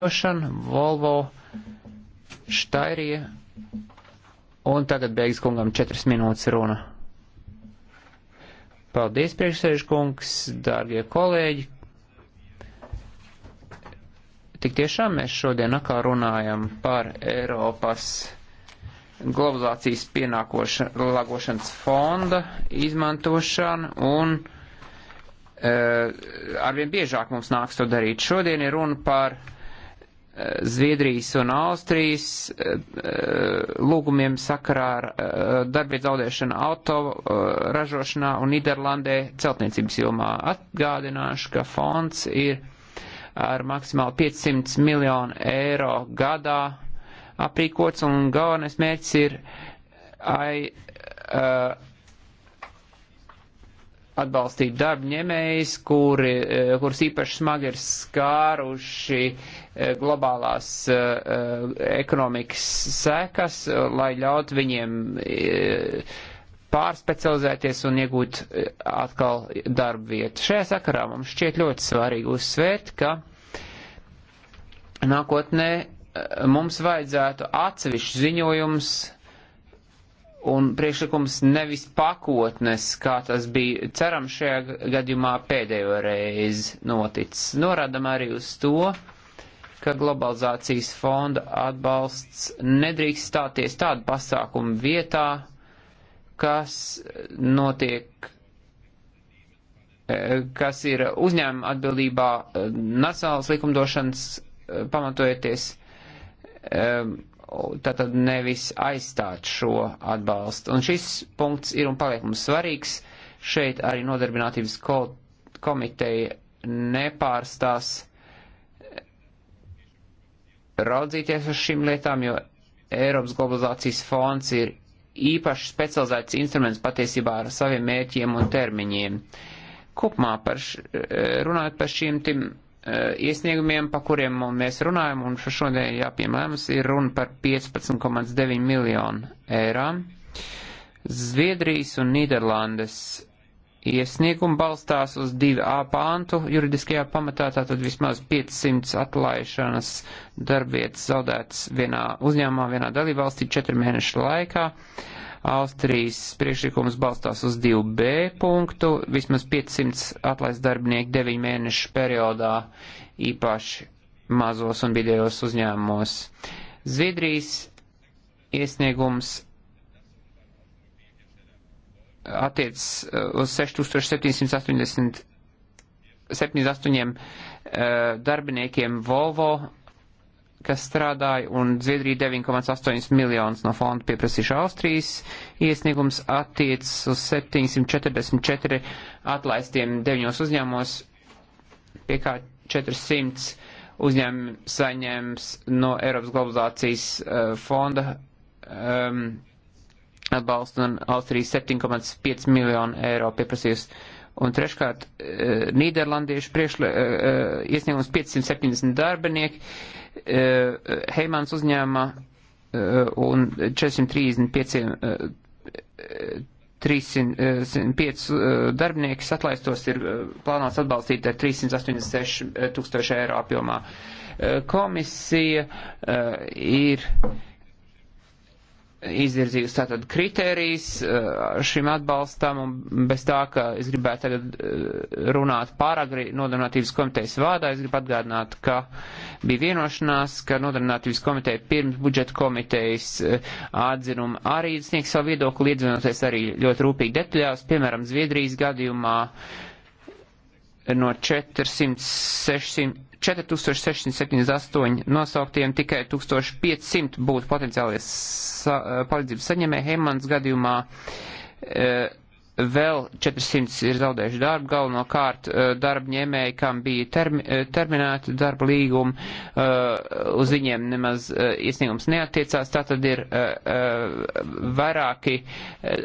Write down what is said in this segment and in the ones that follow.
lidošana, Volvo, Štairie, un tagad beigas kungam četras minūtes runa. Paldies, priekšsēžkungs, dārgie kolēģi. Tik tiešām mēs šodien akā runājam par Eiropas globalizācijas pienākošanas fonda izmantošanu un uh, arvien biežāk mums nāks to darīt. Šodien ir runa par uh, Zviedrijas un Austrijas eh, eh, lūgumiem sakarā ar eh, darbvietu zaudēšanu auto ražošanā un Niderlandē celtniecības jomā. Atgādināšu, ka fonds ir ar maksimāli 500 miljonu eiro gadā aprīkots un galvenais mērķis ir ai, uh, atbalstīt darba ņemējs, kuri, eh, kurus īpaši smagi ir skāruši eh, globālās eh, ekonomikas sekas, lai ļaut viņiem pārspecializēties un iegūt atkal darba vietu. Šajā sakarā mums šķiet ļoti svarīgi uzsvērt, ka nākotnē mums vajadzētu atsevišķu ziņojumus un priekšlikums nevis pakotnes, kā tas bija cerams šajā gadījumā pēdējo reizi noticis. Norādam arī uz to, ka globalizācijas fonda atbalsts nedrīkst stāties tādu pasākumu vietā, kas notiek eh, kas ir uzņēmuma atbildībā eh, nacionālas likumdošanas eh, pamatojoties tātad nevis aizstāt šo atbalstu. Un šis punkts ir un paliek mums svarīgs. Šeit arī nodarbinātības ko komiteja nepārstās raudzīties uz šīm lietām, jo Eiropas globalizācijas fonds ir īpaši specializēts instruments patiesībā ar saviem mērķiem un termiņiem. Kopumā par š, runājot par šiem tim Eh, iesniegumiem, pa kuriem mēs runājam, un šodien jāpiemēmas, ir runa par 15,9 miljonu eirām. Zviedrijas un Nīderlandes iesniegumu balstās uz 2A pāntu juridiskajā pamatā, tātad vismaz 500 atlaišanas darbietas zaudētas vienā uzņēmumā, vienā dalībvalstī 4 mēnešu laikā. Uh, Austrijas priekšlikums balstās uz 2B punktu, vismaz 500 atlaist darbinieku 9 mēnešu periodā īpaši mazos un vidējos uzņēmumos. Zviedrijas iesniegums attiec uh, uz 6780 78 uh, darbiniekiem Volvo kas strādāja, un Zviedrija 9,8 miljonus no fonda pieprasījuši Austrijas. Iesniegums attiec uz 744 atlaistiem deviņos uzņēmumos, pie kā 400 uzņēmumi saņems no Eiropas globalizācijas uh, fonda um, atbalstu, un Austrijas 7,5 miljonu eiro pieprasījusi. Un treškārt, uh, Nīderlandiešu priekšle, uh, iesniegums 570 darbinieki. Uh, E, Heimans uzņēma e, un 435 305 darbinieks atlaistos ir e, plānots atbalstīt ar 386 tūkstoši eiro apjomā. Komisija ir izvirzījusi tātad kritērijas uh, šim atbalstam, un bez tā, ka es gribētu tagad uh, runāt pāragri nodarbinātības komitejas vārdā, es gribu atgādināt, ka bija vienošanās, ka nodarbinātības komiteja pirms budžeta komitejas uh, atzinuma arī sniegs savu viedokli, iedzinoties arī ļoti rūpīgi detaļās, piemēram, Zviedrijas gadījumā no 400, 600 4678 nosauktiem tikai 1500 būtu potenciālie sa eh, palīdzības saņemēji. Heimans gadījumā e, vēl 400 ir zaudējuši darbu, galvenokārt e, eh, darba ņēmēji, kam bija termi, e, terminēta darba līguma, e, uz viņiem nemaz e, iesniegums neatiecās, tā tad ir e, e, vairāki. E,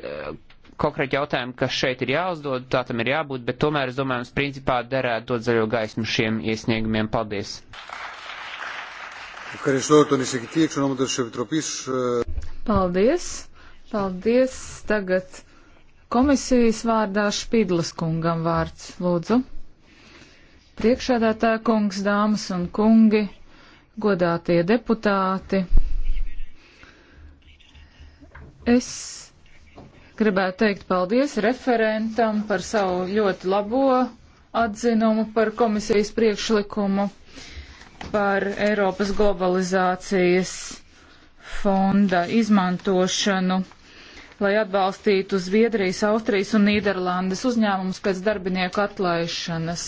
konkrēti jautājumi, kas šeit ir jāuzdod, tā tam ir jābūt, bet tomēr, es domāju, mums principā derētu dot zaļo gaismu šiem iesniegumiem. Paldies! Paldies! Paldies! Tagad komisijas vārdā Špidlas kungam vārds, lūdzu. Priekšādātā kungs, dāmas un kungi, godātie deputāti. Es Gribētu teikt paldies referentam par savu ļoti labo atzinumu par komisijas priekšlikumu par Eiropas globalizācijas fonda izmantošanu, lai atbalstītu Zviedrijas, Austrijas un Nīderlandes uzņēmumus pēc darbinieku atlaišanas.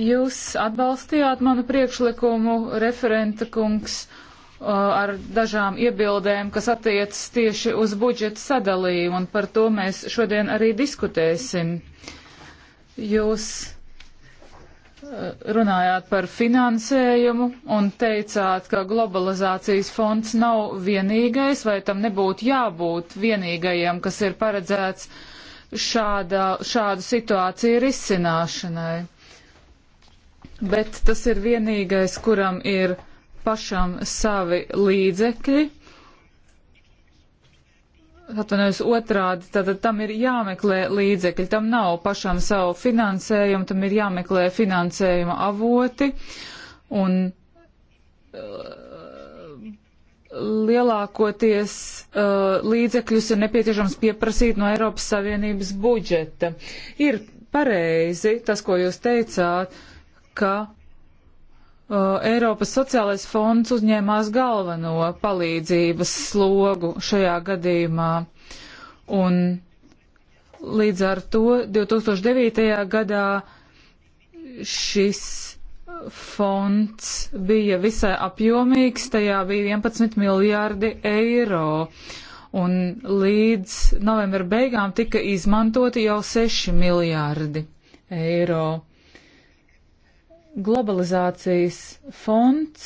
Jūs atbalstījāt manu priekšlikumu, referenta kungs, Uh, ar dažām iebildēm, kas attiecas tieši uz budžeta sadalījumu, un par to mēs šodien arī diskutēsim. Jūs uh, runājāt par finansējumu un teicāt, ka globalizācijas fonds nav vienīgais, vai tam nebūtu jābūt vienīgajam, kas ir paredzēts šāda, šādu situāciju risināšanai. Bet tas ir vienīgais, kuram ir pašam savi līdzekļi. Atvainojos otrādi, tātad tam ir jāmeklē līdzekļi, tam nav pašam savu finansējumu, tam ir jāmeklē finansējuma avoti. Un uh, lielākoties uh, līdzekļus ir nepieciešams pieprasīt no Eiropas Savienības budžeta. Ir pareizi tas, ko jūs teicāt, ka Uh, Eiropas sociālais fonds uzņēmās galveno palīdzības slogu šajā gadījumā. Un līdz ar to 2009. gadā šis fonds bija visai apjomīgs, tajā bija 11 miljārdi eiro. Un līdz novembra beigām tika izmantoti jau 6 miljārdi eiro globalizācijas fonds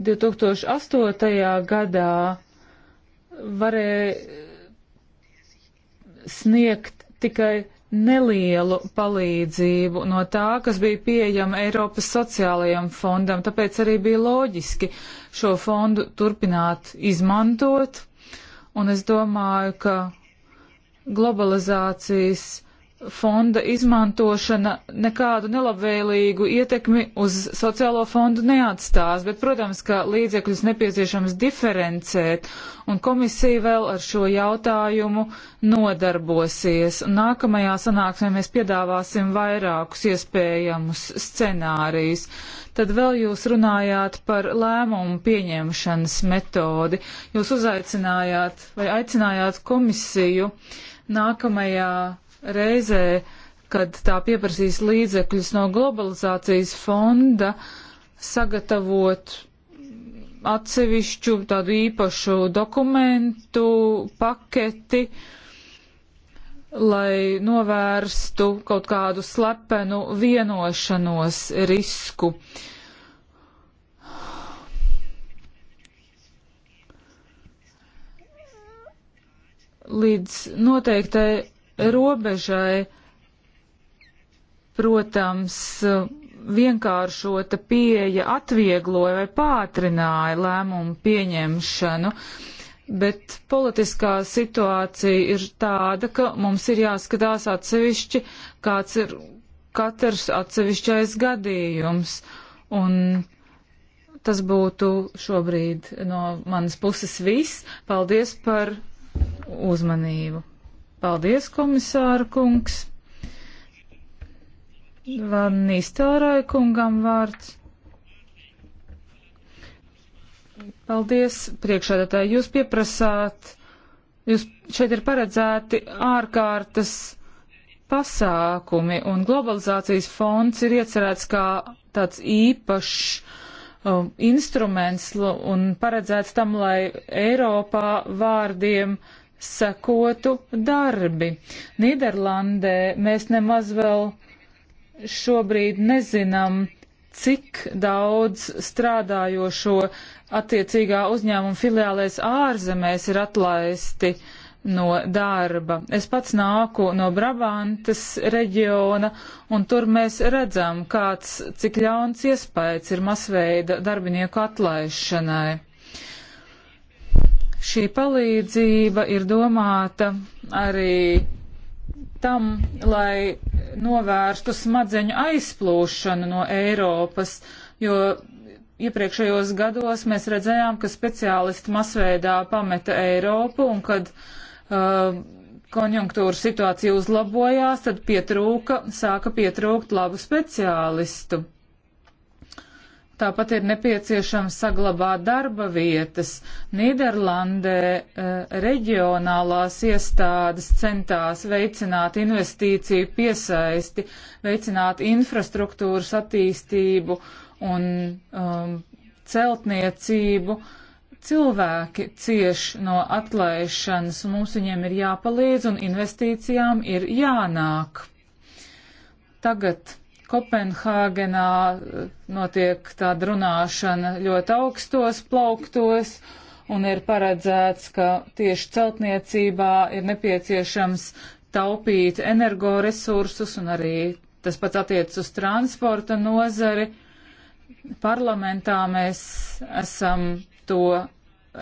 2008. gadā varēja sniegt tikai nelielu palīdzību no tā, kas bija pieejama Eiropas sociālajam fondam, tāpēc arī bija loģiski šo fondu turpināt izmantot. Un es domāju, ka globalizācijas fonda izmantošana nekādu nelabvēlīgu ietekmi uz sociālo fondu neatstās, bet, protams, ka līdzekļus nepieciešams diferencēt, un komisija vēl ar šo jautājumu nodarbosies. Nākamajā sanāksmē mēs piedāvāsim vairākus iespējamus scenārijus. Tad vēl jūs runājāt par lēmumu pieņemšanas metodi. Jūs uzaicinājāt vai aicinājāt komisiju nākamajā reizē, kad tā pieprasīs līdzekļus no globalizācijas fonda, sagatavot atsevišķu tādu īpašu dokumentu paketi, lai novērstu kaut kādu slepenu vienošanos risku. Līdz noteiktai robežai, protams, vienkāršota pieeja atviegloja vai pātrināja lēmumu pieņemšanu, bet politiskā situācija ir tāda, ka mums ir jāskatās atsevišķi, kāds ir katrs atsevišķais gadījums. Un tas būtu šobrīd no manas puses viss. Paldies par uzmanību! Paldies, komisāra kungs. Van Nīstārāja kungam vārds. Paldies, priekšādātāji. Jūs pieprasāt, jūs šeit ir paredzēti ārkārtas pasākumi, un globalizācijas fonds ir iecerēts kā tāds īpašs um, instruments un paredzēts tam, lai Eiropā vārdiem uh, sekotu darbi. Nīderlandē mēs nemaz vēl šobrīd nezinām, cik daudz strādājošo attiecīgā uzņēmuma filiālēs ārzemēs ir atlaisti no darba. Es pats nāku no Brabantas reģiona, un tur mēs redzam, kāds, cik ļauns iespējas ir masveida darbinieku atlaišanai. Šī palīdzība ir domāta arī tam, lai novērstu smadzeņu aizplūšanu no Eiropas, jo iepriekšējos gados mēs redzējām, ka speciālisti masveidā pameta Eiropu un kad uh, konjunktūra situācija uzlabojās, tad pietrūka, sāka pietrūkt labu speciālistu. Tāpat ir nepieciešams saglabāt darba vietas. Nīderlandē eh, reģionālās iestādes centās veicināt investīciju piesaisti, veicināt infrastruktūras attīstību un um, celtniecību. Cilvēki cieš no atlaišanas, mums viņiem ir jāpalīdz un investīcijām ir jānāk. Tagad Kopenhāgenā eh, notiek tāda runāšana ļoti augstos plauktos un ir paredzēts, ka tieši celtniecībā ir nepieciešams taupīt energoresursus un arī tas pats attiec uz transporta nozari. Parlamentā mēs esam to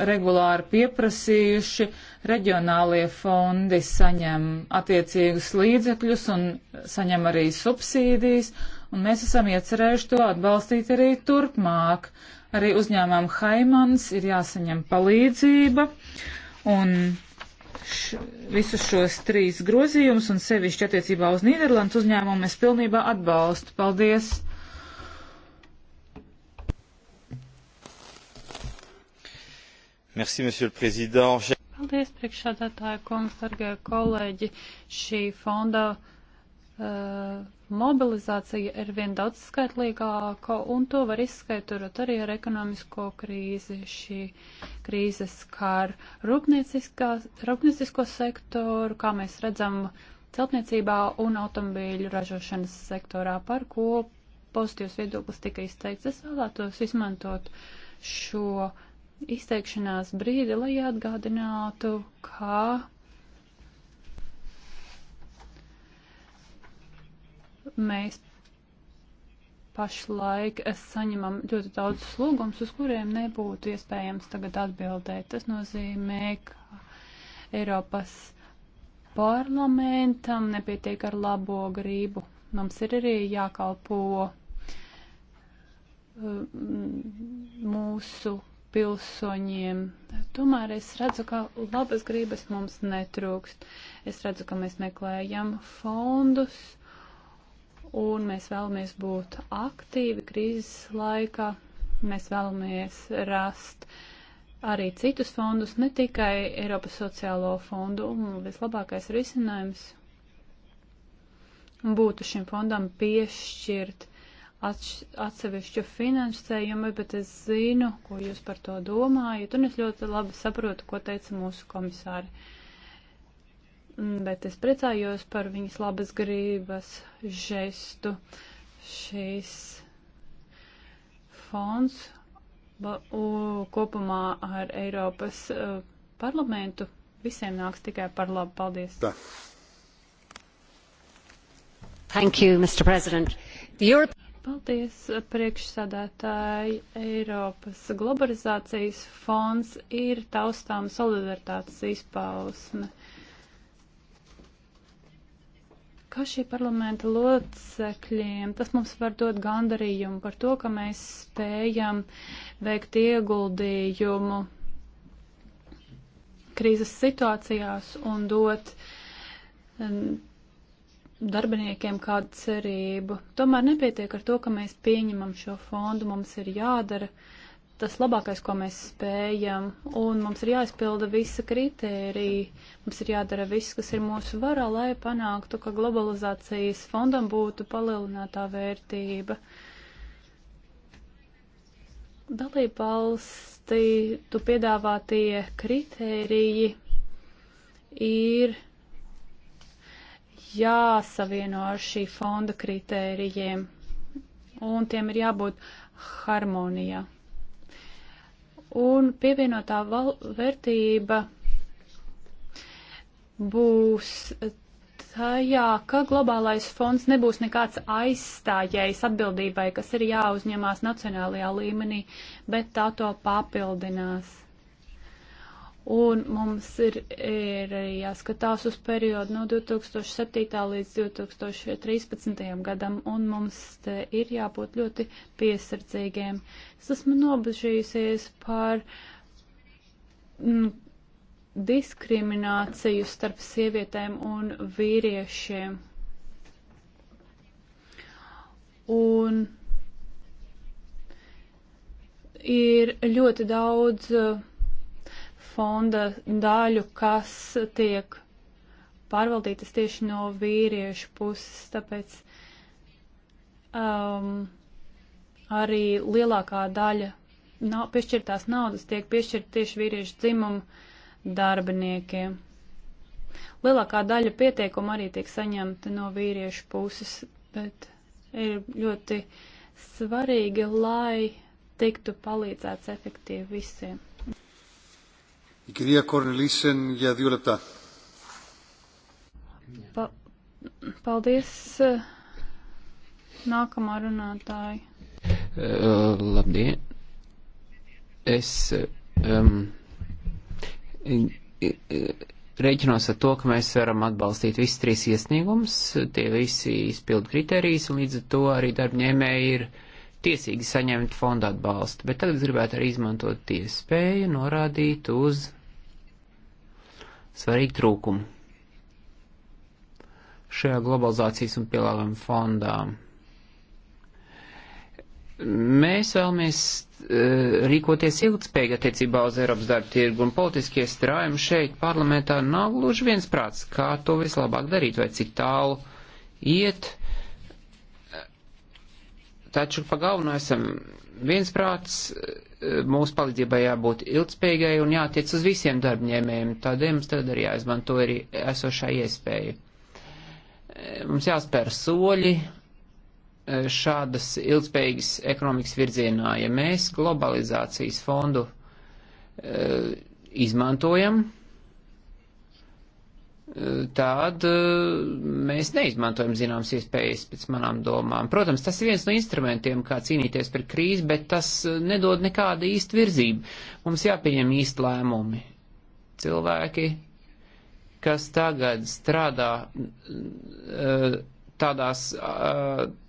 regulāri pieprasījuši, reģionālie fondi saņem attiecīgus līdzekļus un saņem arī subsīdijas, un mēs esam iecerējuši to atbalstīt arī turpmāk. Arī uzņēmām Haimans ir jāsaņem palīdzība, un š, visus šos trīs grozījumus, un sevišķi attiecībā uz Nīderlandes uzņēmumu, es pilnībā atbalstu. Paldies! Merci, monsieur le président. Paldies, priekšsādātāja kungs, dargie kolēģi. Šī fonda uh, mobilizācija ir vien daudz skaitlīgāka, un to var izskaiturot arī ar ekonomisko krīzi. Šī krīze skar rūpniecisko sektoru, kā mēs redzam, celtniecībā un automobīļu ražošanas sektorā, par ko pozitīvs viedoklis tika izteikts. Es vēlētos izmantot šo izteikšanās brīdi, lai atgādinātu, kā mēs pašlaik saņemam ļoti daudzus lūgumus, uz kuriem nebūtu iespējams tagad atbildēt. Tas nozīmē, ka Eiropas parlamentam nepietiek ar labo grību. Mums ir arī jākalpo uh, mūsu pilsoņiem. Tomēr es redzu, ka labas grības mums netrūkst. Es redzu, ka mēs meklējam fondus un mēs vēlamies būt aktīvi krīzes laikā. Mēs vēlamies rast arī citus fondus, ne tikai Eiropas sociālo fondu. Un vislabākais risinājums būtu šim fondam piešķirt atsevišķu finansējumu, bet es zinu, ko jūs par to domājat, un es ļoti labi saprotu, ko teica mūsu komisāri. Mm, bet es priecājos par viņas labas grības žestu. Šīs fonds ba, u, kopumā ar Eiropas uh, parlamentu visiem nāks tikai par labu. Paldies! Tā. Thank you, Mr. President. The Europe Paldies, eh, priekšsādātāji. Eiropas globalizācijas fonds ir taustām solidaritātes izpausme. Kā šī parlamenta locekļiem, tas mums var dot gandarījumu par to, ka mēs spējam veikt ieguldījumu krīzes situācijās un dot um, darbiniekiem kādu cerību. Tomēr nepietiek ar to, ka mēs pieņemam šo fondu, mums ir jādara tas labākais, ko mēs spējam, un mums ir jāizpilda visa kritērija, mums ir jādara viss, kas ir mūsu varā, lai panāktu, ka globalizācijas fondam būtu palielinātā vērtība. Dalībvalsti, tu piedāvātie kritēriji ir jāsavieno ar šī fonda kritērijiem, un tiem ir jābūt harmonijā. Un pievienotā vērtība būs tajā, ka globālais fonds nebūs nekāds aizstājējs atbildībai, kas ir jāuzņemās nacionālajā līmenī, bet tā to papildinās. Un mums ir, ir jāskatās uz periodu no 2007. līdz 2013. gadam, un mums te ir jābūt ļoti piesardzīgiem. Es esmu nobežījusies par m, mm, diskrimināciju starp sievietēm un vīriešiem. Un ir ļoti daudz uh, fonda daļu, kas tiek pārvaldītas tieši no vīriešu puses, tāpēc um, arī lielākā daļa nav, piešķirtās naudas tiek piešķirta tieši vīriešu dzimumu darbiniekiem. Lielākā daļa pieteikumu arī tiek saņemta no vīriešu puses, bet ir ļoti svarīgi, lai tiktu palīdzēts efektīvi visiem. Η κυρία Κορνελίσεν για δύο λεπτά. Pa paldies. Nākamā runātāja. Uh, labdien. Es um, rēķinos ar to, ka mēs varam atbalstīt visus trīs iesniegumus. Tie visi izpildu kriterijas un līdz ar to arī darbņēmēji ir uh, tiesīgi saņemt fonda atbalstu, bet tagad gribētu arī izmantot iespēju norādīt uz svarīgu trūkumu šajā globalizācijas un pielāgojuma fondā. Mēs vēlamies e, rīkoties ilgspējīgi attiecībā uz Eiropas darba tirgu un politiskie strājumi šeit parlamentā nav gluži viens prāts, kā to vislabāk darīt vai cik tālu iet. Uh, Taču pa galveno esam viensprāts, e, mūsu palīdzībai jābūt ilgspējīgai un jātiec uz visiem darbņēmējiem. Tādēļ mums tagad arī jāizmanto arī esošā iespēja. E, mums jāspēr soļi e, šādas ilgspējīgas ekonomikas virzienā. Ja mēs globalizācijas fondu izmantojam, tad e, mēs neizmantojam zināmas iespējas pēc manām domām. Protams, tas ir viens no instrumentiem, kā cīnīties par krīzi, bet tas e, nedod nekādu īstu virzību. Mums jāpieņem īsti lēmumi. Cilvēki, kas tagad strādā e, tādās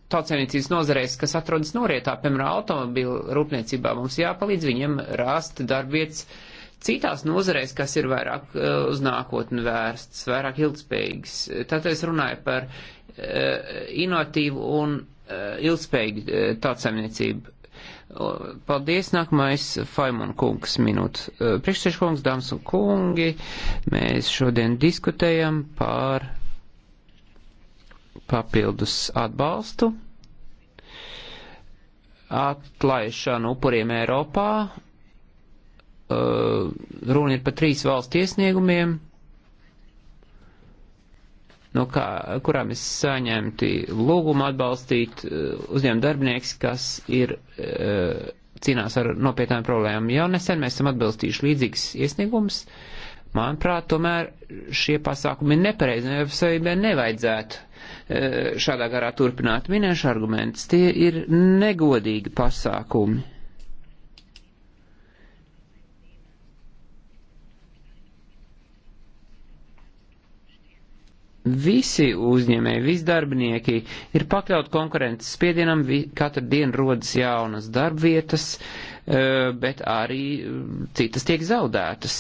tautsēmniecības nozarēs, kas atrodas norietā, piemēram, automobīlu rūpniecībā, mums jāpalīdz viņiem rast darbvietas citās nozareis, kas ir vairāk eh, uz nākotni vērsts, vairāk ilgspējīgs. Tātad es runāju par eh, inovatīvu un eh, ilgspējīgu tautsamniecību. Paldies, nākamais Faimon kungs minūte. Priekšsēž kungs, dāmas un kungi, mēs šodien diskutējam par papildus atbalstu, atlaišanu upuriem Eiropā Uh, runa ir par trīs valstu iesniegumiem, no kā, kurām es saņemti lūgumu atbalstīt uh, uzņēmumu darbinieks, kas ir uh, cīnās ar nopietnām problēmām. Jau nesen mēs esam atbalstījuši līdzīgas iesniegumus. Manuprāt, tomēr šie pasākumi ir nepareizi, jo savībai nevajadzētu šādā garā turpināt minēšu argumentus. Tie ir negodīgi pasākumi visi uzņēmēji, visi darbinieki ir pakļauti konkurences spiedienam, katru dienu rodas jaunas darbvietas, eh, bet arī mm, citas tiek zaudētas.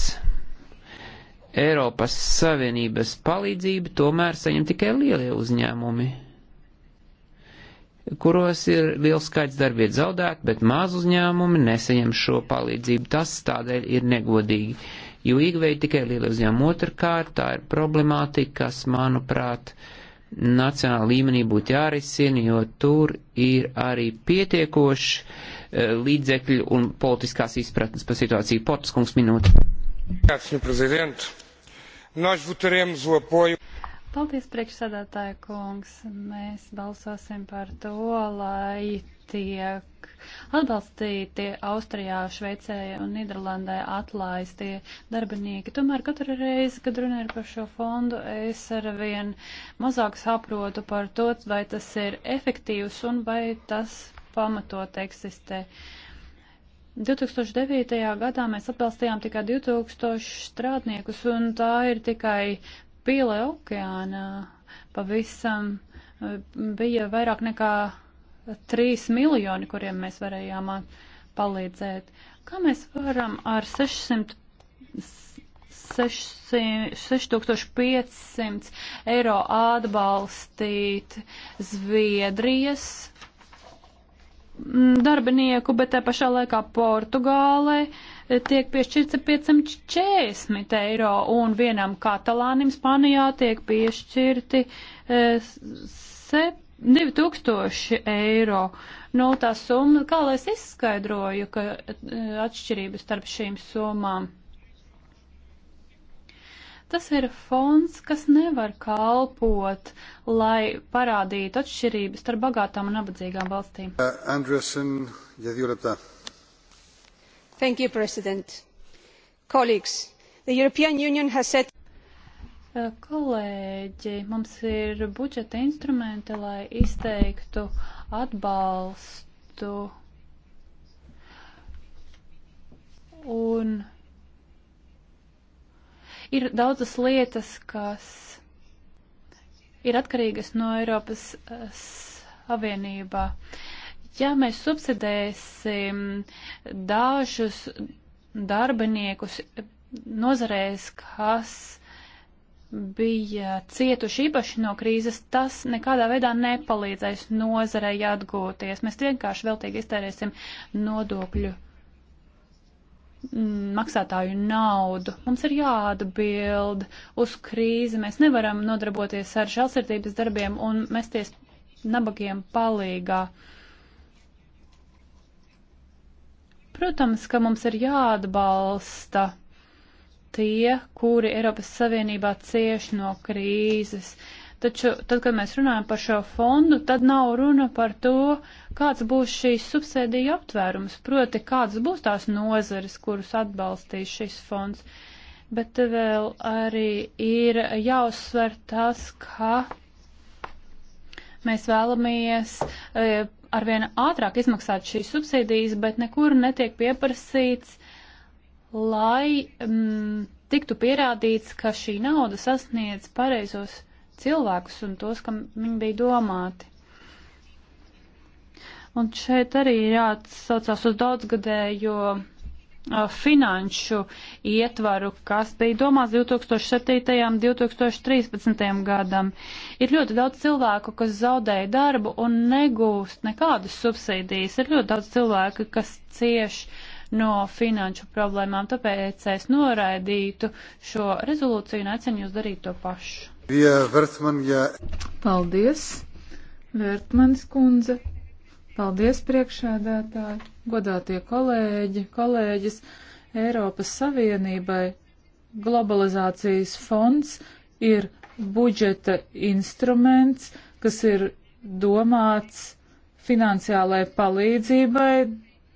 Eiropas Savienības palīdzību tomēr saņem tikai lielie uzņēmumi, kuros ir liels skaits darbvietu zaudēt, bet maz uzņēmumi nesaņem šo palīdzību. Tas tādēļ ir negodīgi. Uh, jo iegvēja tikai liela uzņēmuma. Otrkārt, tā ir problemātika, kas, manuprāt, nacionāla līmenī būtu jārisina, jo tur ir arī pietiekoši uh, līdzekļi un politiskās izpratnes par situāciju. Potskungs minūte. Paldies, priekšsādātāja kungs. Mēs balsosim par to, lai tiek atbalstītie Austrijā, Šveicē un Nīderlandē atlaistie darbinieki. Tomēr katru reizi, kad runāju par šo fondu, es arvien mazāk saprotu par to, vai tas ir efektīvs un vai tas pamatot eksistē. 2009. gadā mēs atbalstījām tikai 2000 strādniekus, un tā ir tikai pīle okeānā. Pavisam eh, bija vairāk nekā 3 miljoni, kuriem mēs varējām uh, palīdzēt. Kā mēs varam ar 600, 600, 6500 eiro atbalstīt Zviedrijas mm, darbinieku, bet te pašā laikā Portugālei eh, tiek piešķirts 540 eiro un vienam katalānim Spanijā tiek piešķirti e, eh, 7 2000 eiro. Nu, tā summa, kā lai es izskaidroju, ka e, atšķirības starp šīm summām. Tas ir fonds, kas nevar kalpot, lai parādītu atšķirības starp bagātām un nabadzīgām valstīm. Uh, Andresen, ja Thank you, President. Colleagues, the European Union has set Kolēģi, mums ir budžeta instrumenti, lai izteiktu atbalstu un ir daudzas lietas, kas ir atkarīgas no Eiropas Savienībā. Ja mēs subsidēsim dažus darbiniekus nozarēs, kas bija cietuši īpaši no krīzes, tas nekādā veidā nepalīdzēs nozarei atgūties. Mēs vienkārši veltīgi iztērēsim nodokļu mm, maksātāju naudu. Mums ir jāatbild uz krīzi. Mēs nevaram nodarboties ar žēlsirdības darbiem un mesties nabagiem palīgā. Protams, ka mums ir jāatbalsta tie, kuri Eiropas Savienībā cieš no krīzes. Taču, tad, kad mēs runājam par šo fondu, tad nav runa par to, kāds būs šīs subsēdija aptvērums, proti, kādas būs tās nozares, kurus atbalstīs šis fonds. Bet vēl arī ir jāuzsver tas, ka mēs vēlamies eh, arvien ātrāk izmaksāt šīs subsīdijas, bet nekur netiek pieprasīts lai mm, tiktu pierādīts, ka šī nauda sasniedz pareizos cilvēkus un tos, kam viņi bija domāti. Un šeit arī jāatsaucās uz daudzgadējo finanšu ietvaru, kas bija domāts 2007. un 2013. gadam. Ir ļoti daudz cilvēku, kas zaudēja darbu un negūst nekādas subsīdijas. Ir ļoti daudz cilvēku, kas cieši no finanšu problēmām, tāpēc es noraidītu šo rezolūciju un aicinu jūs darīt to pašu. Ja, Vertman, ja. Paldies, Vērtmanis kundze. Paldies, priekšēdētāji, godātie kolēģi, kolēģis. Eiropas Savienībai globalizācijas fonds ir budžeta instruments, kas ir domāts finansiālai palīdzībai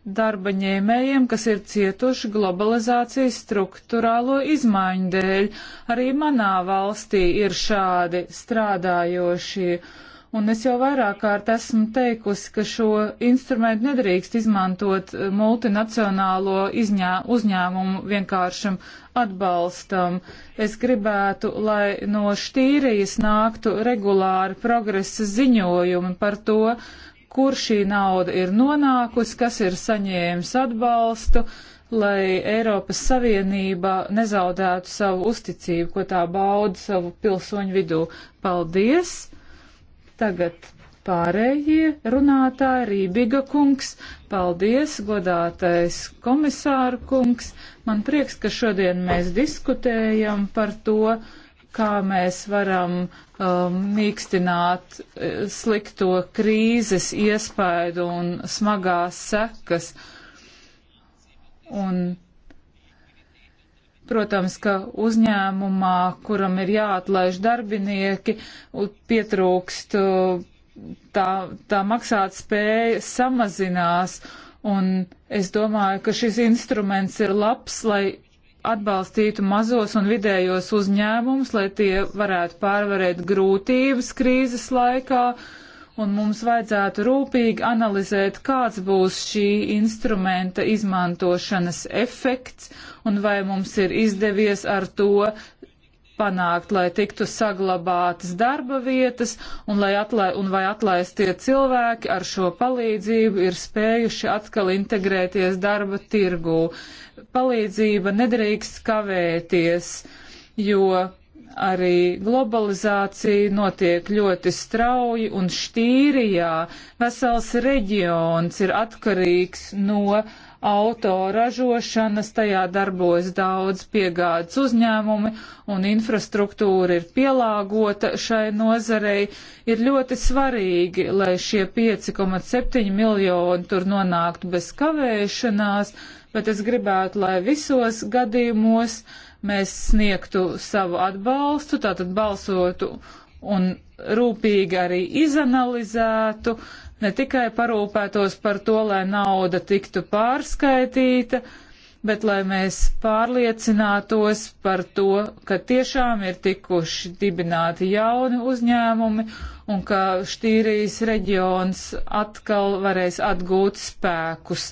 darba ņēmējiem, kas ir cietuši globalizācijas struktūrālo izmaiņu dēļ. Arī manā valstī ir šādi strādājošie. Un es jau vairāk kārt esmu teikusi, ka šo instrumentu nedrīkst izmantot multinacionālo izņā, uzņēmumu vienkāršam atbalstam. Es gribētu, lai no štīrijas nāktu regulāri progresa ziņojumi par to, kur šī nauda ir nonākusi, kas ir saņēmis atbalstu, lai Eiropas Savienība nezaudētu savu uzticību, ko tā bauda savu pilsoņu vidū. Paldies! Tagad pārējie runātāji Rībiga kungs, paldies, godātais komisāru kungs. Man prieks, ka šodien mēs diskutējam par to, kā mēs varam um, mīkstināt eh, slikto krīzes iespaidu un smagās sekas. Un, protams, ka uzņēmumā, kuram ir jāatlaiž darbinieki, pietrūkst tā, tā maksāt spēja samazinās. Un es domāju, ka šis instruments ir labs, lai atbalstītu mazos un vidējos uzņēmumus, lai tie varētu pārvarēt grūtības krīzes laikā, un mums vajadzētu rūpīgi analizēt, kāds būs šī instrumenta izmantošanas efekts, un vai mums ir izdevies ar to panākt, lai tiktu saglabātas darba vietas un, lai atlai, un vai atlaistie cilvēki ar šo palīdzību ir spējuši atkal integrēties darba tirgū. Palīdzība nedrīkst kavēties, jo arī globalizācija notiek ļoti strauji un štīrijā. Vesels reģions ir atkarīgs no autoražošanas, tajā darbojas daudz piegādes uzņēmumi un infrastruktūra ir pielāgota šai nozarei, ir ļoti svarīgi, lai šie 5,7 miljoni tur nonāktu bez kavēšanās, bet es gribētu, lai visos gadījumos mēs sniegtu savu atbalstu, tātad balsotu un rūpīgi arī izanalizētu ne tikai parūpētos par to, lai nauda tiktu pārskaitīta, bet lai mēs pārliecinātos par to, ka tiešām ir tikuši dibināti jauni uzņēmumi un ka Štīrijas reģions atkal varēs atgūt spēkus.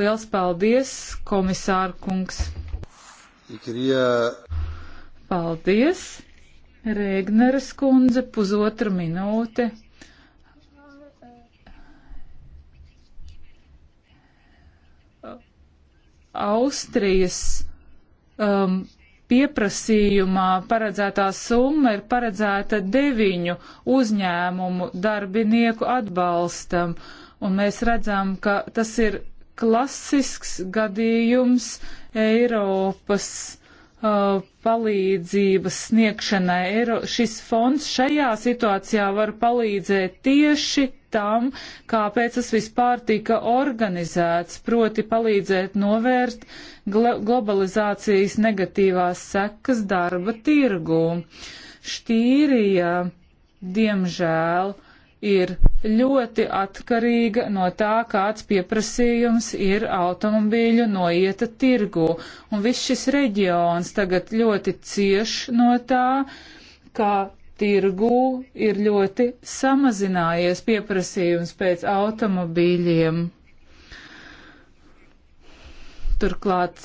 Liels paldies, komisārkungs! Paldies! Rēgneres kundze, pusotra minūte. Austrijas um, pieprasījumā paredzētā summa ir paredzēta deviņu uzņēmumu darbinieku atbalstam, un mēs redzam, ka tas ir klasisks gadījums Eiropas Uh, palīdzības sniegšanai. Eiro, šis fonds šajā situācijā var palīdzēt tieši tam, kāpēc tas vispār tika organizēts, proti palīdzēt novērst globalizācijas negatīvās sekas darba tirgū. Štīrija, diemžēl, ir ļoti atkarīga no tā, kāds pieprasījums ir automobīļu noieta tirgu. Un viss šis reģions tagad ļoti cieš no tā, ka tirgu ir ļoti samazinājies pieprasījums pēc automobīļiem. Turklāt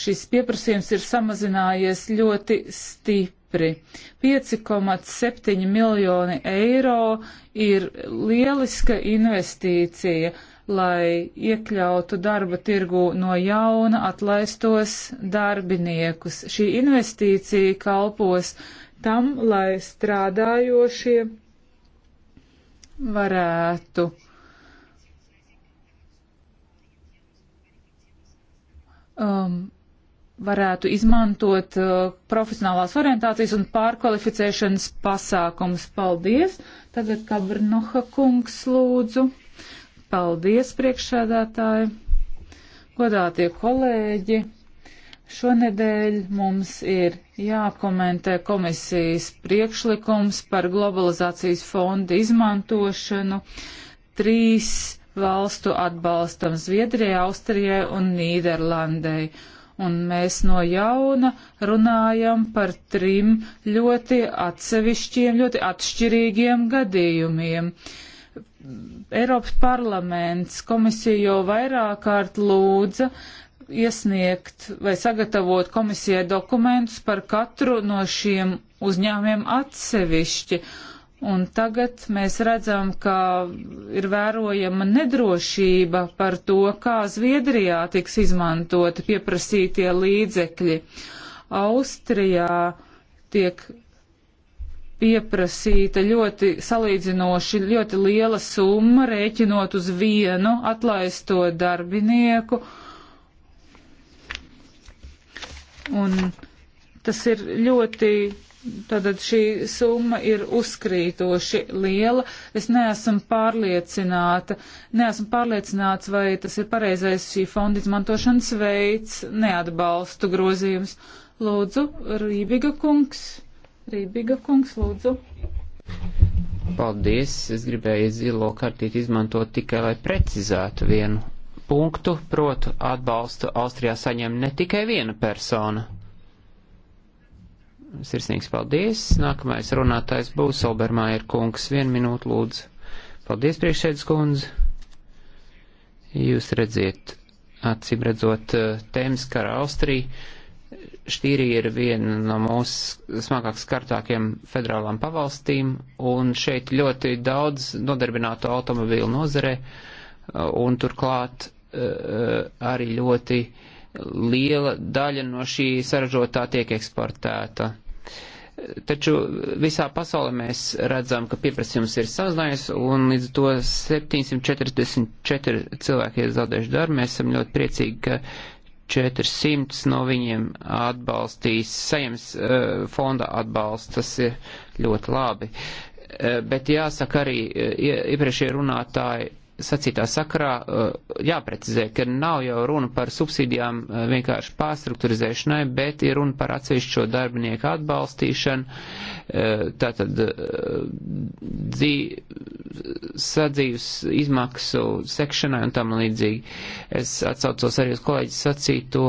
šis pieprasījums ir samazinājies ļoti stipri stipri. 5,7 miljoni eiro ir lieliska investīcija, lai iekļautu darba tirgu no jauna atlaistos darbiniekus. Šī investīcija kalpos tam, lai strādājošie varētu. Um, varētu izmantot uh, profesionālās orientācijas un pārkvalificēšanas pasākums. Paldies! Tagad Kabrnoha kungs lūdzu. Paldies, priekšsēdētāji! Godātie kolēģi! Šonedēļ mums ir jākomentē komisijas priekšlikums par globalizācijas fonda izmantošanu trīs valstu atbalstam Zviedrijai, Austrijai un Nīderlandei un mēs no jauna runājam par trim ļoti atsevišķiem, ļoti atšķirīgiem gadījumiem. Eiropas parlaments komisiju jau vairāk kārt lūdza iesniegt vai sagatavot komisijai dokumentus par katru no šiem uzņēmumiem atsevišķi Un tagad mēs redzam, ka ir vērojama nedrošība par to, kā Zviedrijā tiks izmantoti pieprasītie līdzekļi. Austrijā tiek pieprasīta ļoti salīdzinoši ļoti liela summa, rēķinot uz vienu atlaisto darbinieku. Un tas ir ļoti Tātad šī summa ir uzkrītoši liela. Es neesmu pārliecināta, neesmu pārliecināts, vai tas ir pareizais šī fonda izmantošanas veids, neatbalstu grozījums. Lūdzu, Rībiga kungs. Rībiga kungs, lūdzu. Paldies. Es gribēju zilo kartīti izmantot tikai, lai precizētu vienu punktu, protu atbalstu Austrijā saņem ne tikai viena persona Sirsnīgs paldies. Nākamais runātājs būs Obermājer kungs. Vienu minūtu lūdzu. Paldies, priekšsēdus kundze. Jūs redziet, acīm redzot, eh, tēmas kara Austrija. Štīri ir viena no mūsu smagāk skartākiem federālām pavalstīm, un šeit ļoti daudz nodarbināto automobīlu nozare, eh, un turklāt eh, arī ļoti uh, liela daļa no šī saražotā tiek eksportēta. Taču visā pasaulē mēs redzam, ka pieprasījums ir samazinājies un līdz to 744 cilvēki ir zaudējuši darbu. Mēs esam ļoti priecīgi, ka 400 no viņiem atbalstīs saņems uh, fonda atbalsts. Tas ir ļoti labi. Uh, bet jāsaka arī uh, iepriekšējie runātāji sacītā sakarā eh, jāprecizē, ka nav jau runa par subsīdijām eh, vienkārši pārstruktūrizēšanai, bet ir runa par atsevišķo darbinieku atbalstīšanu, eh, tātad dzī, sadzīves izmaksu sekšanai un tam līdzīgi. Es atsaucos arī uz kolēģis sacīto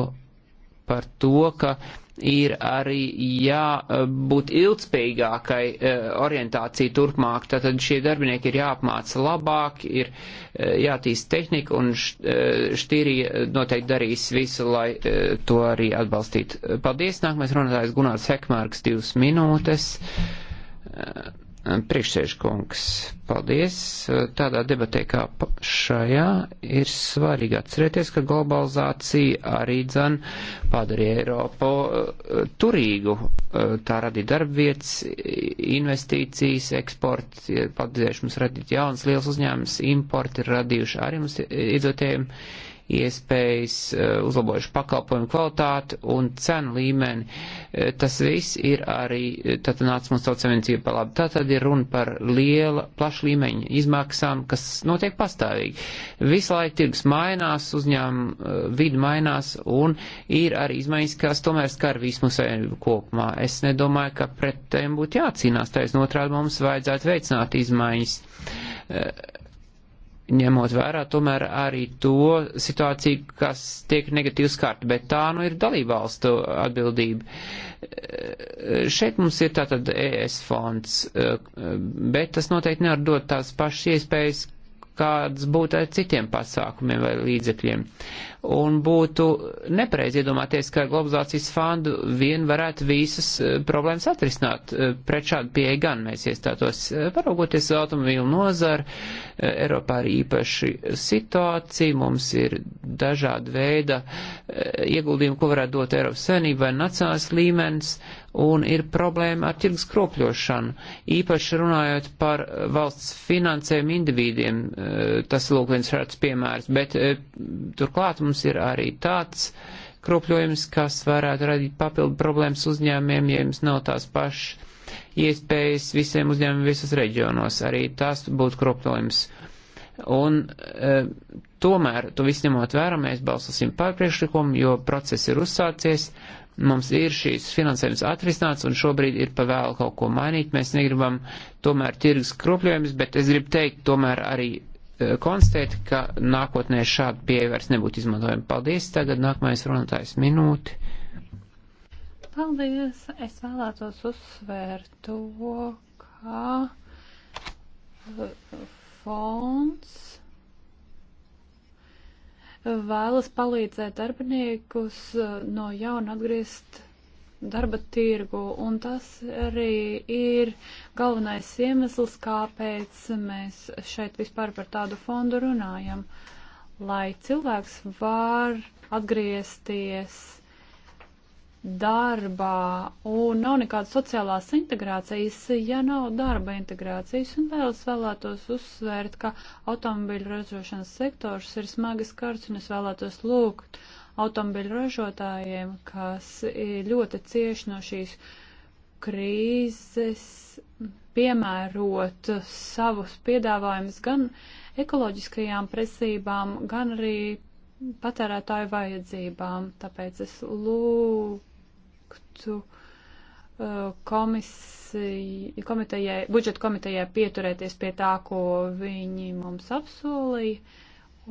par to, ka ir arī jābūt e, ilgspējīgākai e, orientācija turpmāk. Tātad šie darbinieki ir jāapmāca labāk, ir e, jātīst tehnika un štīrija noteikti darīs visu, lai to arī atbalstītu. Paldies, nākamais runātājs Gunārs Hekmārks, divas minūtes. Priekšsēžkungs, paldies. Tādā debatē kā šajā ir svarīgi atcerēties, ka globalizācija arī dzan padarīja Eiropu eh, turīgu. Eh, tā radīja darbvietas, investīcijas, eksports, eh, palīdzējuši mums radīt jaunas liels uzņēmumus, importi ir radījuši arī mums iedzotējiem. Ir iespējas, eh, uzlabojuši pakalpojumu kvalitāti un cenu līmeni. Eh, tas viss ir arī, eh, tad nāca mums tautsavienicība par labu. Tā tad ir runa par liela, plaša līmeņa izmaksām, kas notiek pastāvīgi. Visu laiku tirgus mainās, uzņēmumu vidi mainās un ir arī izmaiņas, kas tomēr skar visu mūsu savienību kopumā. Es nedomāju, ka pret tiem būtu jācīnās, taisnot otrādi mums vajadzētu veicināt izmaiņas ņemot vērā tomēr arī to situāciju, kas tiek negatīvs kārt, bet tā nu ir dalībvalstu atbildība. Šeit mums ir tātad ES fonds, bet tas noteikti nevar dot tās pašas iespējas, kāds būtu ar citiem pasākumiem vai līdzekļiem. Un būtu nepareizi iedomāties, ka ar globalizācijas fondu vien varētu visas e, problēmas atrisināt. E, Pret šādu pieeju gan mēs iestātos. E, Paraugoties uz automobīlu nozaru, Eiropā ir īpaši situācija, mums ir dažāda veida ieguldījumi, ko varētu dot Eiropas savinība vai nacionāls līmenis. Uh, un ir problēma ar tirgus kropļošanu, īpaši runājot par valsts finansējumu individiem, eh, tas lūk viens šāds piemērs, bet eh, turklāt mums ir arī tāds kropļojums, kas varētu radīt papildu problēmas uzņēmiem, ja jums nav tās pašas iespējas visiem uzņēmumiem visos reģionos, arī tas būtu kropļojums. Un e, tomēr, to visu ņemot vērā, mēs balsosim par priekšlikumu, jo process ir uzsācies. E, Mums ir šīs finansējums atrisināts un šobrīd ir pavēlu kaut ko mainīt. Mēs negribam tomēr tirgus kropļojumus, bet es gribu teikt tomēr arī e, konstatēt, ka nākotnē šāda pieeja vairs nebūtu izmantojama. Paldies, tagad nākamais runātājs minūti. Paldies, es vēlētos uzsvērt to, ka e, fonds vēlas palīdzēt darbiniekus eh, no jauna atgriezt darba tirgu, un tas arī ir galvenais iemesls, kāpēc mēs šeit vispār par tādu fondu runājam, lai cilvēks var atgriezties darbā un nav nekādas sociālās integrācijas, ja nav darba integrācijas. Un vēl es vēlētos uzsvērt, ka automobīļu ražošanas sektors ir smagi skarts un es vēlētos lūgt automobīļu ražotājiem, kas ļoti cieši no šīs krīzes piemērot savus piedāvājumus gan ekoloģiskajām presībām, gan arī patērētāju vajadzībām. Tāpēc es lūdzu lūgtu uh, komisijai, komitejai, budžeta komitejai pieturēties pie tā, ko viņi mums apsolīja.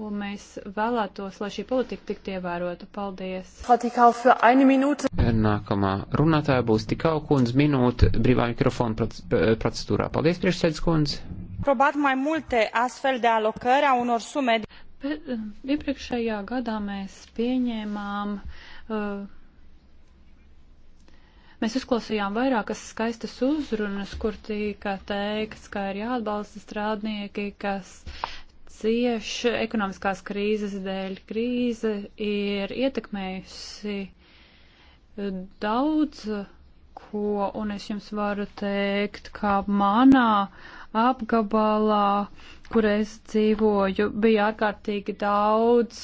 Un mēs vēlētos, lai šī politika tiktu ievērota. Paldies! Nākamā runātāja būs tikau kundze minūte brīvā mikrofona eh, procedūrā. Paldies, priekšsēdus kundze! Probat mai multe astfel de alocări a unor sume. Uh, iepriekšējā gadā mēs pieņēmām uh, Mēs uzklausījām vairākas skaistas uzrunas, kur tika teikts, ka ir jāatbalsta strādnieki, kas cieš ekonomiskās krīzes dēļ. Krīze ir ietekmējusi eh, daudz ko, un es jums varu teikt, ka manā apgabalā, kur es dzīvoju, bija ārkārtīgi daudz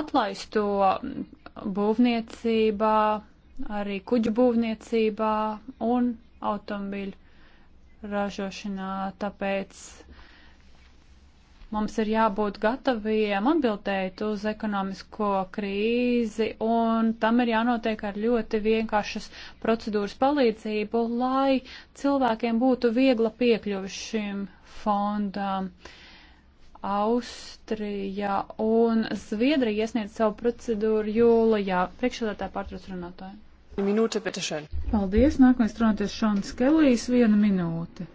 atlaisto būvniecībā, arī kuģu būvniecībā un automobīļu ražošanā. Tāpēc mums ir jābūt gataviem atbildēt uz ekonomisko krīzi, un tam ir jānotiek ar ļoti vienkāršas procedūras palīdzību, lai cilvēkiem būtu viegla piekļuvi šim fondam. Austrija un Zviedrija iesniedz savu procedūru jūlijā. Priekšsēdētāja pārtrauc runātāju. Minūte, bitte schön. Paldies. Nākamais runāties Šons Kelijs. Viena minūte.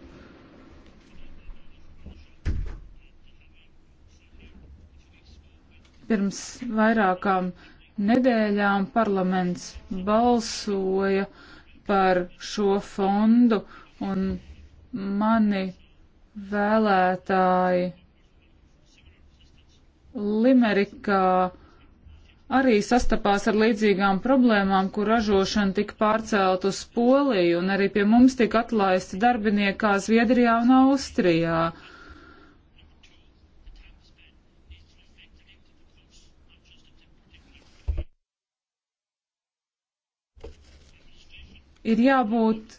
Pirms vairākām nedēļām parlaments balsoja par šo fondu un mani vēlētāji Limerikā arī sastapās ar līdzīgām problēmām, kur ražošana tika pārcelt uz Poliju, un arī pie mums tika atlaisti darbinieki kā Zviedrijā un Austrijā. Ir jābūt,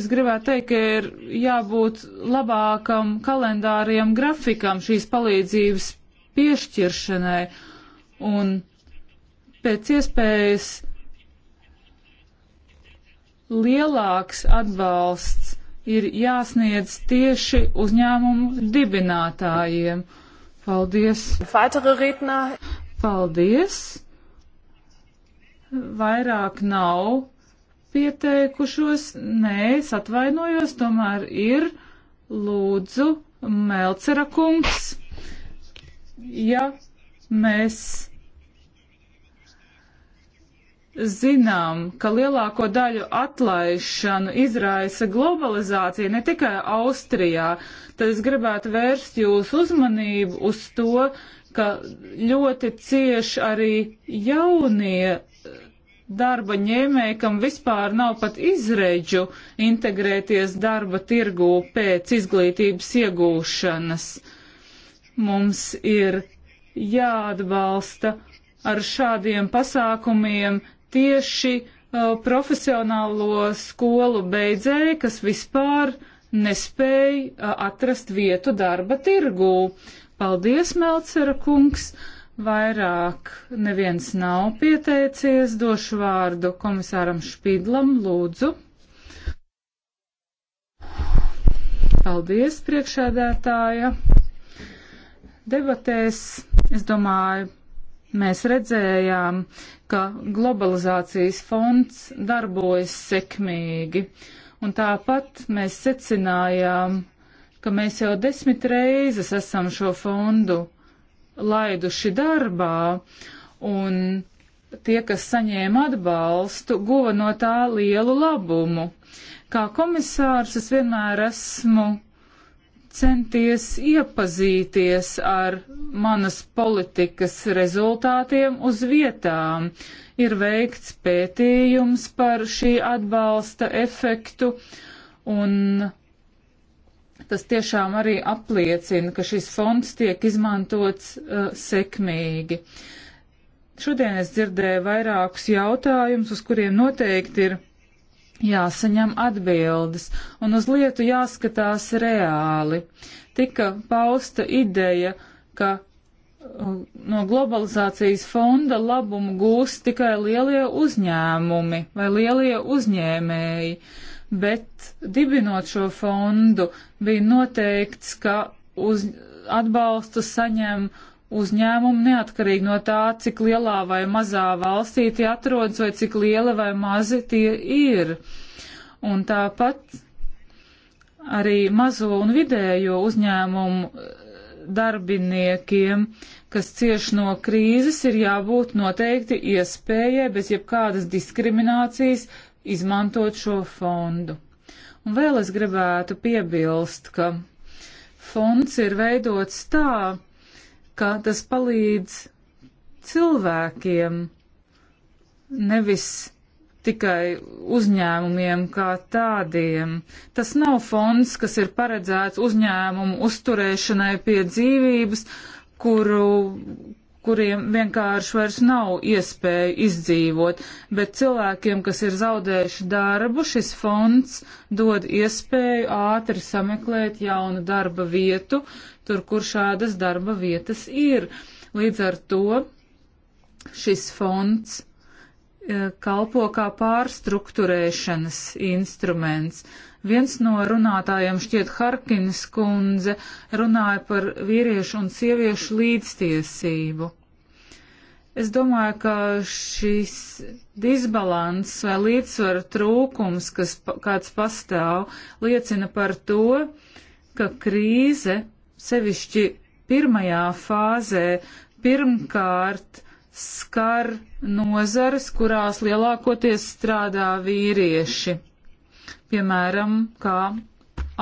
es gribētu teikt, ka ir jābūt labākam kalendāriem, grafikam šīs palīdzības piešķiršanai. Un pēc iespējas lielāks atbalsts ir jāsniedz tieši uzņēmumu dibinātājiem. Paldies! Paldies! Vairāk nav pieteikušos. Nē, es atvainojos, tomēr ir. Lūdzu, Melcera kungs, ja mēs zinām, ka lielāko daļu atlaišanu izraisa globalizācija ne tikai Austrijā, tad es gribētu vērst jūsu uzmanību uz to, ka ļoti cieši arī jaunie eh, darba ņēmēji, kam vispār nav pat izreģu integrēties darba tirgū pēc izglītības iegūšanas. Mums ir jāatbalsta ar šādiem pasākumiem tieši uh, profesionālo skolu beidzēji, kas vispār nespēja uh, atrast vietu darba tirgū. Paldies, Melcera kungs! Vairāk neviens nav pieteicies. Došu vārdu komisāram Špidlam, lūdzu. Paldies, priekšēdētāja. Debatēs, es domāju, Mēs redzējām, ka globalizācijas fonds darbojas sekmīgi, un tāpat mēs secinājām, ka mēs jau desmit reizes esam šo fondu laiduši darbā, un tie, kas saņēma atbalstu, guva no tā lielu labumu. Kā komisārs es vienmēr esmu centies iepazīties ar manas politikas rezultātiem uz vietām. Ir veikts pētījums par šī atbalsta efektu, un tas tiešām arī apliecina, ka šis fonds tiek izmantots uh, sekmīgi. Šodien es dzirdēju vairākus jautājumus, uz kuriem noteikti ir jāsaņem atbildes un uz lietu jāskatās reāli. Tika pausta ideja, ka uh, no globalizācijas fonda labumu gūs tikai lielie uzņēmumi vai lielie uzņēmēji, bet dibinot šo fondu bija noteikts, ka uz atbalstu saņem uzņēmumu neatkarīgi no tā, cik lielā vai mazā valstī tie atrodas vai cik liela vai mazi tie ir. Un tāpat arī mazo un vidējo uzņēmumu eh, darbiniekiem, kas cieš no krīzes, ir jābūt noteikti iespējai bez jebkādas diskriminācijas izmantot šo fondu. Un vēl es gribētu piebilst, ka fonds ir veidots tā, ka tas palīdz cilvēkiem, nevis tikai uzņēmumiem kā tādiem. Tas nav fonds, kas ir paredzēts uzņēmumu uzturēšanai pie dzīvības, kuru, kuriem vienkārši vairs nav iespēja izdzīvot, bet cilvēkiem, kas ir zaudējuši darbu, šis fonds dod iespēju ātri sameklēt jaunu darba vietu, tur, kur šādas darba vietas ir. Līdz ar to šis fonds e, kalpo kā pārstruktūrēšanas instruments. Viens no runātājiem šķiet Harkins kundze runāja par vīriešu un sieviešu līdztiesību. Es domāju, ka šis disbalans vai līdzsvara trūkums, kas kāds pastāv, liecina par to, ka krīze sevišķi pirmajā fāzē pirmkārt skar nozares, kurās lielākoties strādā vīrieši, piemēram, kā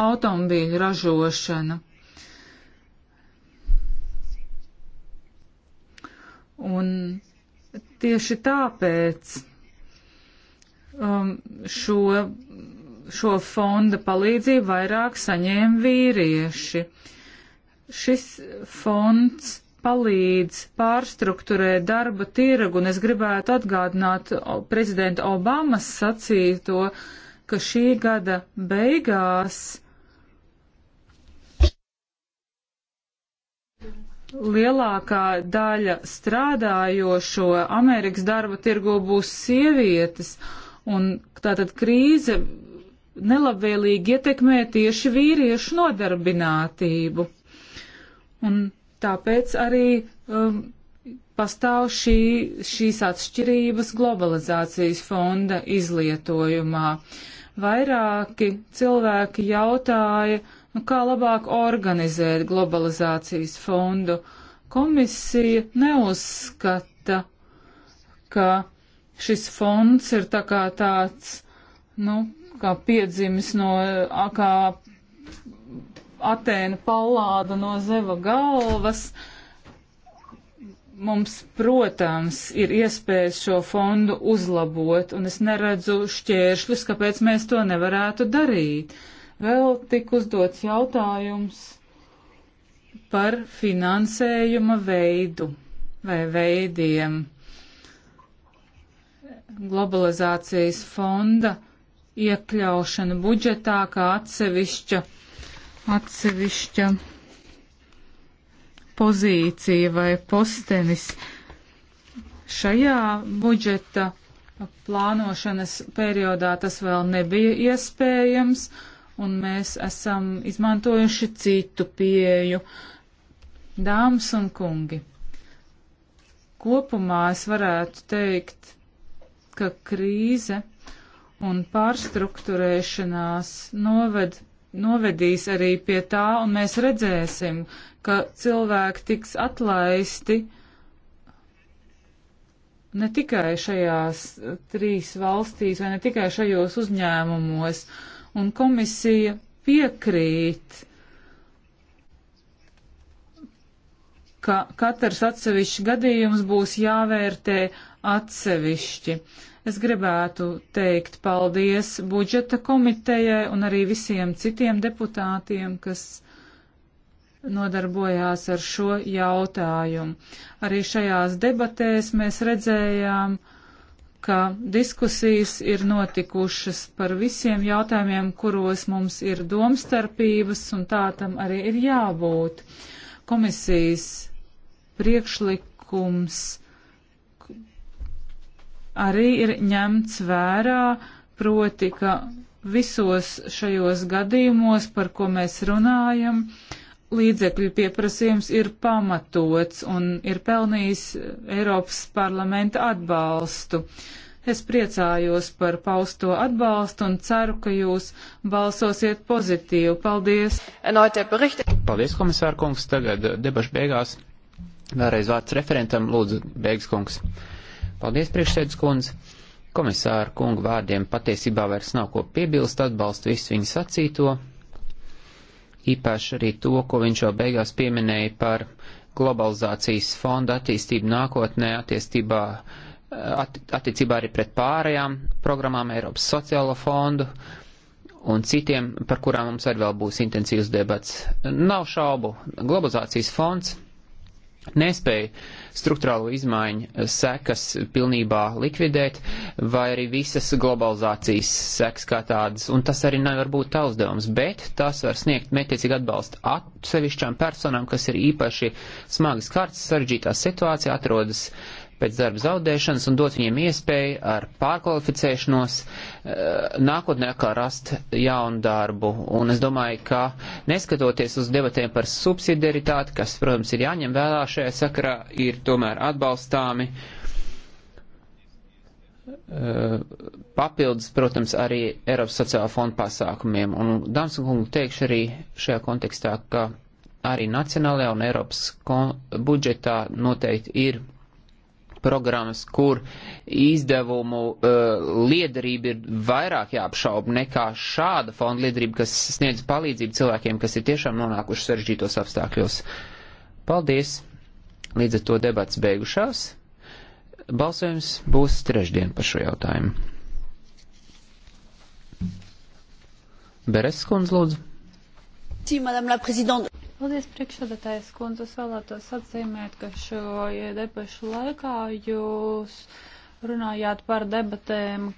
automobīļu ražošana. Un tieši tāpēc um, šo, šo fonda palīdzību vairāk saņēma vīrieši. Uh, šis fonds palīdz pārstruktūrēt darba tirgu, un es gribētu atgādināt prezidenta Obamas sacīto, ka šī gada beigās lielākā daļa strādājošo Amerikas darba tirgu būs sievietes, un tātad krīze nelabvēlīgi ietekmē tieši vīriešu nodarbinātību. Un tāpēc arī um, pastāv šī, šīs atšķirības globalizācijas fonda izlietojumā. Vairāki cilvēki jautāja, nu, kā labāk organizēt globalizācijas fondu. Komisija neuzskata, ka šis fonds ir tā kā tāds, nu, kā piedzimis no, kā Atēna palādu no zeva galvas. Mums, protams, ir iespējas šo fondu uzlabot, un es neredzu šķēršļus, kāpēc mēs to nevarētu darīt. Vēl tik uzdots jautājums par finansējuma veidu vai veidiem. Globalizācijas fonda iekļaušana budžetā kā atsevišķa atsevišķa pozīcija vai postenis šajā budžeta plānošanas periodā tas vēl nebija iespējams, un mēs esam izmantojuši citu pieju. Dāmas un kungi, kopumā es varētu teikt, ka krīze un pārstruktūrēšanās noved novedīs arī pie tā, un mēs redzēsim, ka cilvēki tiks atlaisti ne tikai šajās trīs valstīs vai ne tikai šajos uzņēmumos, un komisija piekrīt, ka katrs atsevišķs gadījums būs jāvērtē atsevišķi. Uh, Es gribētu teikt paldies budžeta komitejai un arī visiem citiem deputātiem, kas nodarbojās ar šo jautājumu. Arī šajās debatēs mēs redzējām, ka diskusijas ir notikušas par visiem jautājumiem, kuros mums ir domstarpības, un tā tam arī ir jābūt. Komisijas priekšlikums arī ir ņemts vērā, proti, ka visos šajos gadījumos, par ko mēs runājam, līdzekļu pieprasījums ir pamatots un ir pelnījis Eiropas parlamenta atbalstu. Es priecājos par pausto atbalstu un ceru, ka jūs balsosiet pozitīvi. Paldies! Paldies, komisārkungs! Tagad debašu beigās. Vēlreiz vārds referentam, lūdzu, beigas kungs. Paldies, priekšsēdus kundze. Komisāra kungu vārdiem patiesībā vairs nav ko piebilst, atbalstu visu viņu sacīto. Īpaši arī to, ko viņš jau beigās pieminēja par globalizācijas fonda attīstību nākotnē, attīstībā, att, attiecībā arī pret pārējām programmām Eiropas sociālo fondu un citiem, par kurām mums arī vēl būs intensīvs debats. Nav šaubu, globalizācijas fonds nespēja struktūrālo izmaiņu sekas pilnībā likvidēt, vai arī visas globalizācijas sekas kā tādas, un tas arī nevar būt tā uzdevums, bet tas var sniegt mētiecīgu atbalstu atsevišķām personām, kas ir īpaši smagas kārtas, sarežģītā situācija, atrodas uh, pēc darba zaudēšanas un dot viņiem iespēju ar pārkvalificēšanos eh, nākotnē kā rast jaunu darbu. Un es domāju, ka neskatoties uz debatēm par subsidiaritāti, kas, protams, ir jāņem vērā šajā sakarā, ir tomēr atbalstāmi. Eh, papildus, protams, arī Eiropas sociālā fonda pasākumiem. Un, dāmas un kungi, teikšu arī šajā kontekstā, ka arī nacionālajā un Eiropas budžetā noteikti ir programmas, kur izdevumu uh, liederība ir vairāk jāapšauba nekā šāda fonda liederība, kas sniedz palīdzību cilvēkiem, kas ir tiešām nonākuši sarežģītos apstākļos. Paldies! Līdz ar to debats beigušās. Balsojums būs trešdien par šo jautājumu. Beres, kundz, lūdzu. Sí, Paldies priekšsēdētājs kundze, es vēlētos atzīmēt, ka šo debašu laikā jūs runājāt par debatēm,